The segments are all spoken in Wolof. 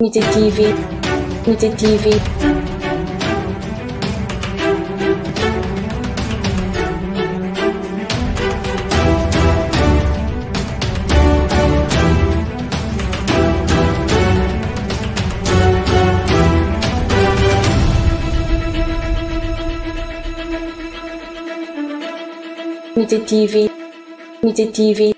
Mitte TV, Mitte TV. Mitte TV, TV.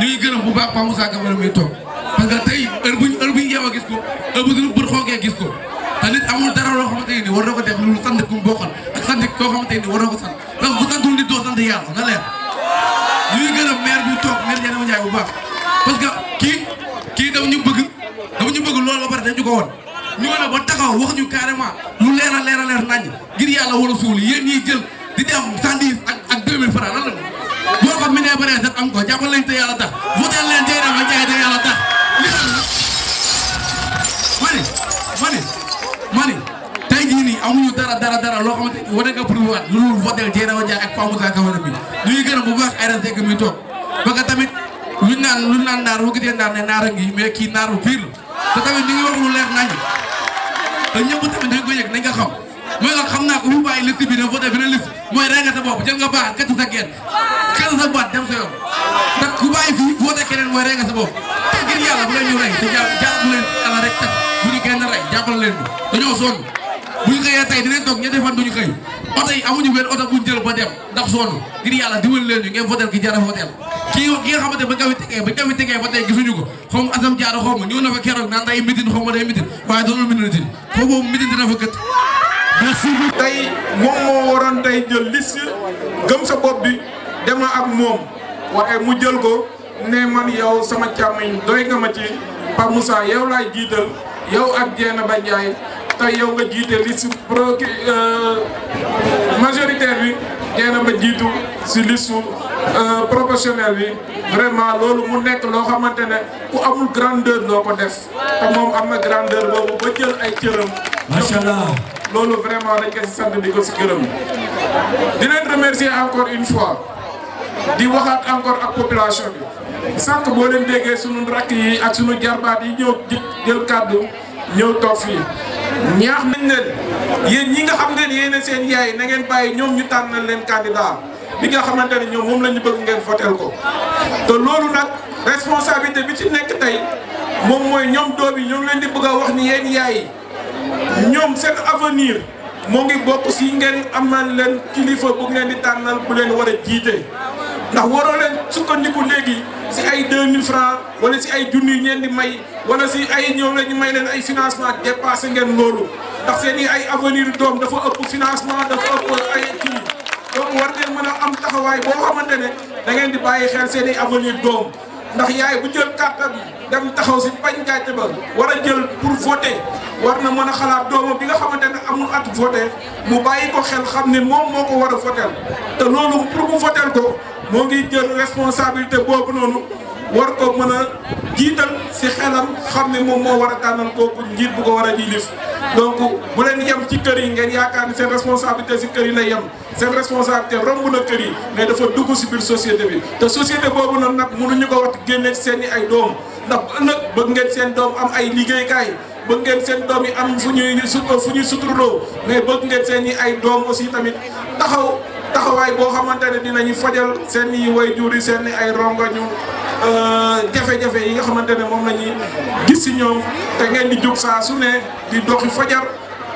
ñu ngi gërëm bu baax Pa Moussa Camara muy toog parce tey heure bu ñu heure gis ko heure bu suñu bët gis ko te nit amul dara loo xamante ne ko def mu bokkal ak sant koo xamante ne nii war na ko sant donc na leer ñu ngi gërëm maire bi toog maire Diané bu baax parce que kii kii dama ñu bëgg dama ñu bëgg loolu ba pare dañu ko woon ñu war a ba taxaw wax ñu carrément lu leer a leer a leer ngir yàlla war suul yéen ñiy jël di dem 110 ak ak 2000 francs lan la boo ko mënee ba rees am ko jàppal lañ te yàlla tax voté leen jëy na te yàlla tax mani mani mani tey jii nii amuñu dara dara dara loo xamante ni wane nga pour waat lu dul voté jëy na ma jaay ak Pape Moussa Camara bi ñu ngi gërëm bu baax ay resek mi toog parce que tamit lu ñu naan naan naar bu gisee naar ne naar a ngi mais kii naar bu pire te tamit ñu ngi wax lu leer nañu te ñëpp tamit dañ ko yëg nañ nga xam mooy lan xam naa ko bu bàyyi liste bi ne voté beneen liste mooy rey nga sa bopp jël nga baax kati sa geen kati sa baat dem sa yoon te ku bàyyi fii voté keneen mooy rey nga sa bopp te ngir yàlla bu leen ñu rey te jàpp leen ala rek tax bu ñu kenn rey jàppal leen ko dañoo sonn bu ñu xëyee tey dinañ toog ñetti fan duñu xëy oto yi amuñu benn oto buñ jël ba dem ndax sonn ngir yàlla dimbali leen ñu ngeen voté ki jara voté ki ki nga xamante ba nga fi tegee ba nga fi tegee ba tey gisuñu ko xaw ma asam jaara xaw ma ñëw na fa keroog naan day mitin xaw ma day mitin waaye doonul mitin foofu mitin dina fa gët merci beaucoup tey moom moo waroon tey jël liste gëm sa bopp bi dema ak moom waaye mu jël ko ne man yow sama càmmiñ doy nga ma ci Pape Moussa yow laay jiital yow ak Dieynaba Ndiaye tey yow nga jiite liste pro euh, majoritaire bi Dieynaba jiitu si liste euh, proportionnel bi vraiment loolu mu nekk loo xamante ne ku amul grandeur doo ko def te moom am na grandeur boobu ba jël ay cëram. macha allah. loolu vraiment dañ koy sant di ko si gërëm di leen remercier encore une fois di waxaat encore ak population bi sànq boo leen déggee suñu rakk yi ak suñu jarbaat yi ñëw jël kàddu ñëw toog fii ñaax nañ leen yéen ñi nga xam ne yéen seen yaay na ngeen bàyyi ñoom ñu tànnal leen candidat bi nga xamante ne ñoom moom la ñu bëgg ngeen votel ko te loolu nag responsabilité bi ci nekk tey moom mooy ñoom doom yi ñoo ngi leen di bëgg wax ni yeen yaay yi ñoom seen avenir moo ngi bokk si ngeen amal leen kilifa bu ngeen di tànnal bu leen wara a jiite ndax waroo leen sukkandiku léegi si ay 2000 francs wala si ay junni yu ngeen di may wala si ay ñëw la ñu may leen ay financement dépassé ngeen loolu ndax seen i ay avenir doom dafa ëpp financement dafa ëpp ay kii donc war ngeen mën a am taxawaay boo xamante ne da ngeen di bàyyi xel seen i avenir doom. ndax yaay bu jël kàttan dem taxaw si pañ gàcce ba war a jël pour voter war na mën a xalaat doomam bi nga xamante ne amul at voter mu bàyyi ko xel xam ne moom moo ko war a voter te loolu pour mu voter ko moo ngi jël responsabilité boobu noonu war ko mën a jiital si xelam xam ne moom moo war a tànnal kooku njiit bu ko war a yilif donc bu leen yem ci kër yi ngeen yaakaar ni seen responsabilité si kër yi lay yem seen responsabilité romb na kër yi mais dafa dugg si biir société bi te société boobu noonu nag mënuñu ko wax génne seen i ay doom ndax ëllëg bëgg ngeen seen doom am ay liggéeykaay bëgg ngeen seen doom yi am fu ñuy fu ñuy suturloo mais bëgg ngeen seen i ay doom aussi tamit taxaw taxawaay boo xamante ne ñu fajal seen i way juuri seen i ay Euh, jafe-jafe yi nga xamante ne moom la ñuy gis si ñoom te ngeen di jóg saa su ne di doxi fajar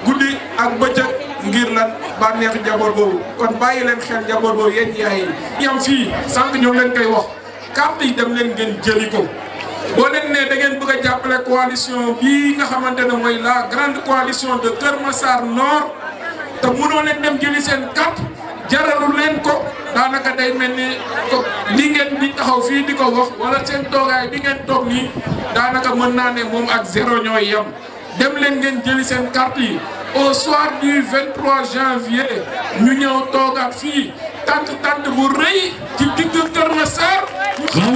guddi ak bëccëg ngir lan bànneexu njaboot boobu kon bàyyi leen xel njaboot boobu yéen yaay yi yam fii sànq ñoo leen koy wax carte yi dem leen ngeen jëli ko boo leen ne da ngeen bëgg a jàppale coalition bii nga xamante ne mooy la grande coalition de Kër Massar noor te mënoo leen dem jëli seen carte jaralu leen ko daanaka day mel ni ko li ngeen di taxaw fii di ko wax wala seen toogaay bi ngeen toog nii daanaka mën naa ne moom ak zéro ñooy yem dem leen ngeen jëli seen carte yi au soir du 23 janvier ñu ñëw toogaat fii tant tant bu rëy ci digg Kër Massar.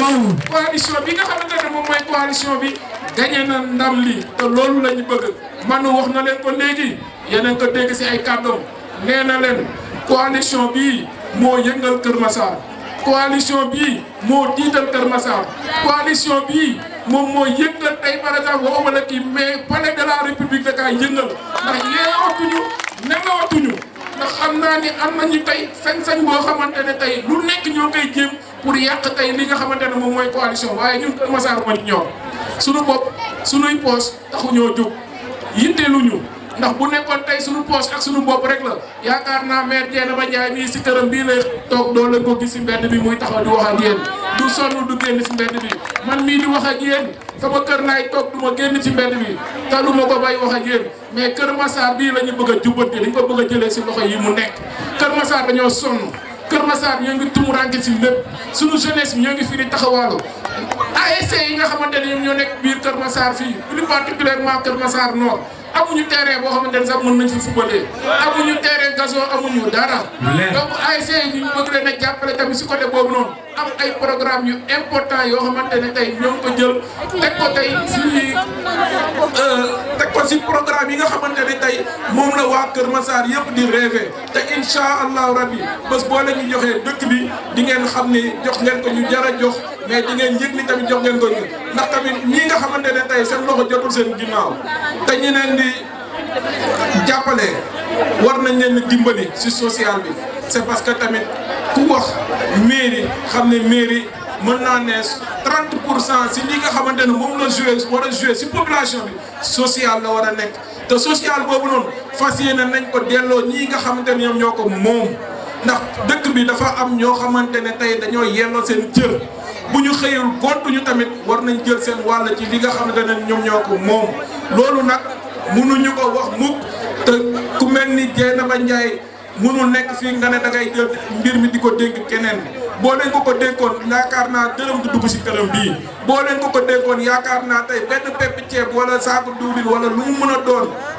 waaw coalition bi nga xamante ne moom mooy coalition bi. gañe na ndar li te loolu la ñu bëgg manu wax na leen ko léegi yeneen ko dégg si ay kàddoom nee na leen. coalition bii moo yëngal Kër Massar coalition bii moo diital Kër Massar coalition bii moom moo yëngal tey par exemple waxuma la kii mais palais de la république da kaa yëngal ndax yeewatuñu nelawatuñu ndax xam naa ni am nañu tey sañ-sañ boo xamante ne tey lu nekk ñoo koy jéem pour yàq tey li nga xamante ne moom mooy coalition waaye ñun Kër Massar mooy ñor suñu bopp suñuy poos taxuñoo jóg yitteeluñu ndax bu nekkon tay suñu poche ak suñu mbop rek la yaakaar naa maire Dieng ba Ndiaye mii ci këram bi lay tok do la ko gis ci mbedd bi muy taxaw di wax ak yeen du sonu du genn ci mbedd bi man mi di wax ak yeen sama kër nay tok duma genn ci mbedd bi ta du ma ko bay wax ak yeen mais Kër massa bi lañu bëgg jubante jubbante dañ ko bëgg jëlé ci loxo yi mu nekk Kër massa dañu sonn Kër massa ñu ngi tumu rank ci lepp suñu jeunesse ñu ngi fi di taxawaalu ASC e yi nga xamanteni ñu nekk biir Kër massa fi plus particulièrement Kër massa Nord amuñu terrain boo xamante ne sax mën nañ fi footballer amuñu terrain gazon amuñu dara. donc ASC ñu bëgg leen a jàppale tamit si côté boobu noonu am ay programme yu important yoo xamante ne tey ñoo ngi ko jël teg ko tey si euh, teg ko si programme nga xamante ne tey moom la waa Kër Massar yëpp di rêvé te incha allahu rabi bés boo la ñu joxee dëkk bi dingeen ngeen xam ne jox ngeen ko ñu jar a jox. mais di ngeen yëg ni tamit jox ngeen ko ndax tamit ñii nga xamante ne tey seen loxo jotul seen ginnaaw te ñu leen di jàppale war nañ leen dimbali si social bi c'est parce que tamit ku wax mairie xam ne mairie mën naa ne 30 pour cent si li nga xamante ne moom la joué war a joué si population bi social la war a nekk te social boobu noonu fas yéene nañ ko delloo ñii nga xamante ni ñoom ñoo ko moom. ndax dëkk bi dafa am ñoo xamante ne tey dañoo yelloo seen cër bu ñu xëyul gontuñu tamit war nañ jël seen wàll ci li nga xamante ne ñoom ñoo ko moom loolu nag mënuñu ko wax mukk te ku mel ni na ba Ndiaye mënul nekk fii nga ne dangay jël mbir mi di ko dénk keneen boo leen ko ko dénkoon yaakaar naa dërëm du dugg si këram bii boo leen ko ko dénkoon yaakaar naa tey benn pepp ceeb wala saaku diwlin wala lu mu mën a doon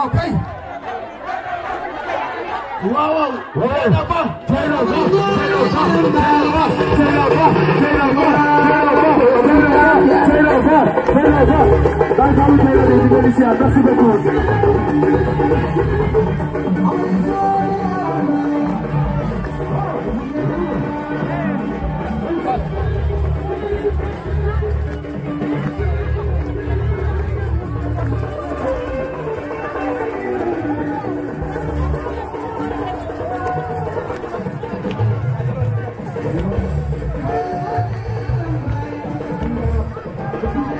Wow, okay. Wow, wow. Turn up, turn up, turn up, turn up, turn up, turn up, turn up, turn up, turn up,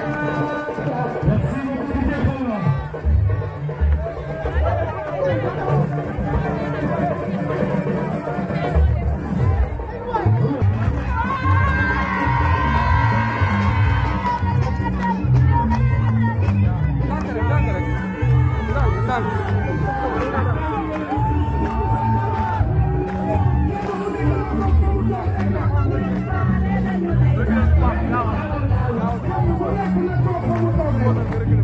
Yes. போட்டு இருக்கு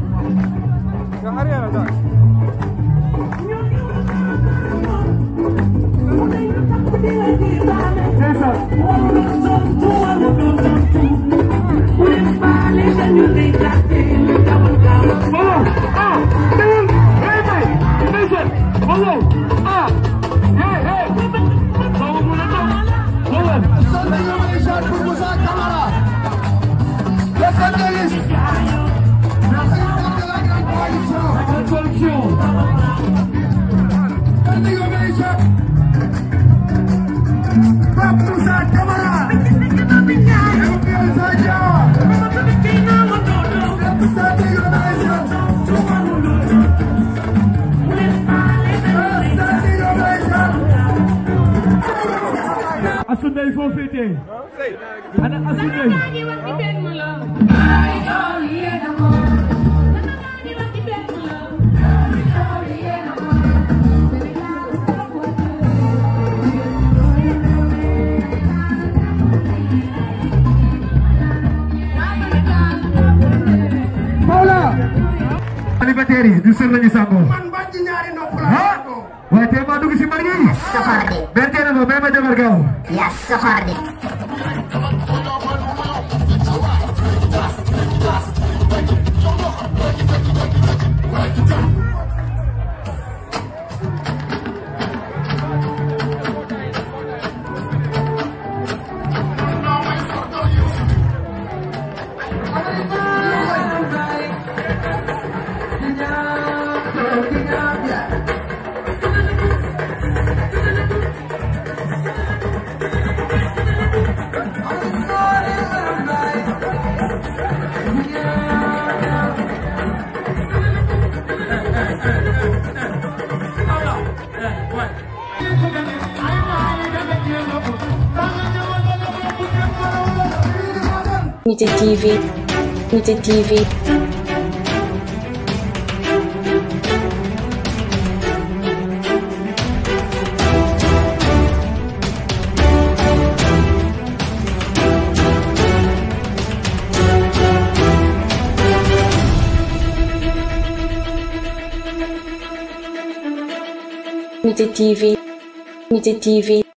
moo féetee ana asu Paula, Célibataire yi du sel lañu sàngoo. Man bañ ci no so hard. Yes, so hard. TV, Mite TV. Mite TV, Mite TV.